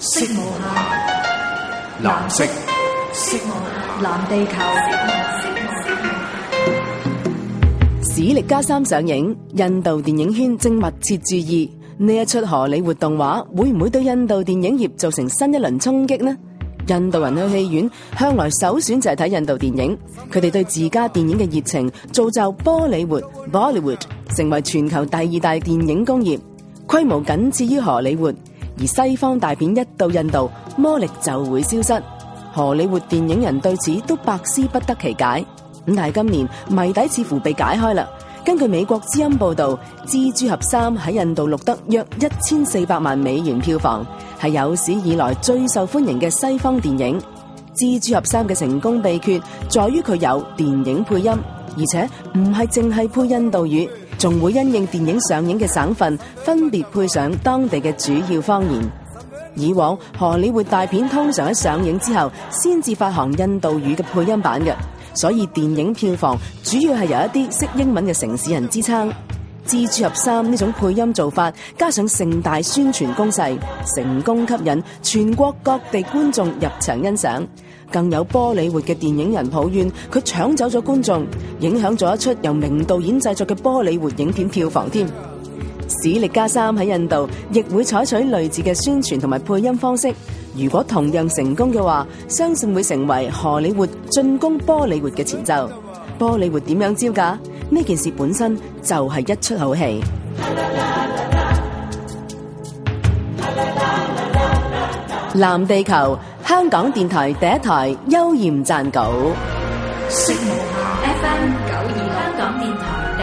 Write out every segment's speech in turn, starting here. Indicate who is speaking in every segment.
Speaker 1: 《色無下藍色，色下《色無暇》下藍地球。《史力加三》上映，印度電影圈正密切注意，呢一出荷里活動畫會唔會對印度電影業造成新一輪衝擊呢？印度人去戲院向來首選就係睇印度電影，佢哋對自家電影嘅熱情造就寶里活，活 （Bollywood） 成為全球第二大電影工業，規模僅次於荷里活。而西方大片一到印度，魔力就會消失，荷里活電影人對此都百思不得其解。咁但係今年謎底似乎被解開啦。根據美國之音報道，《蜘蛛俠三》喺印度錄得約一千四百萬美元票房，係有史以來最受歡迎嘅西方電影。蜘蛛俠三嘅成功秘訣，在於佢有電影配音，而且唔係淨係配印度語，仲會因應電影上映嘅省份，分別配上當地嘅主要方言。以往荷里活大片通常喺上映之後，先至發行印度語嘅配音版嘅，所以電影票房主要係由一啲識英文嘅城市人支撐。蜘蛛俠三呢種配音做法，加上盛大宣傳攻勢，成功吸引全國各地觀眾入場欣賞。更有寶里活嘅電影人抱怨，佢搶走咗觀眾，影響咗一出由名導演製作嘅寶里活影片票房添。史力加三喺印度亦會採取類似嘅宣傳同埋配音方式，如果同樣成功嘅話，相信會成為荷里活進攻寶里活嘅前奏。寶里活點樣招架？呢件事本身就係一出好戲。藍地球，香港電台第一台，邱焱撰稿。FM 九二，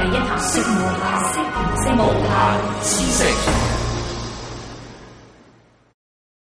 Speaker 1: N 92, 92，香港電
Speaker 2: 台第一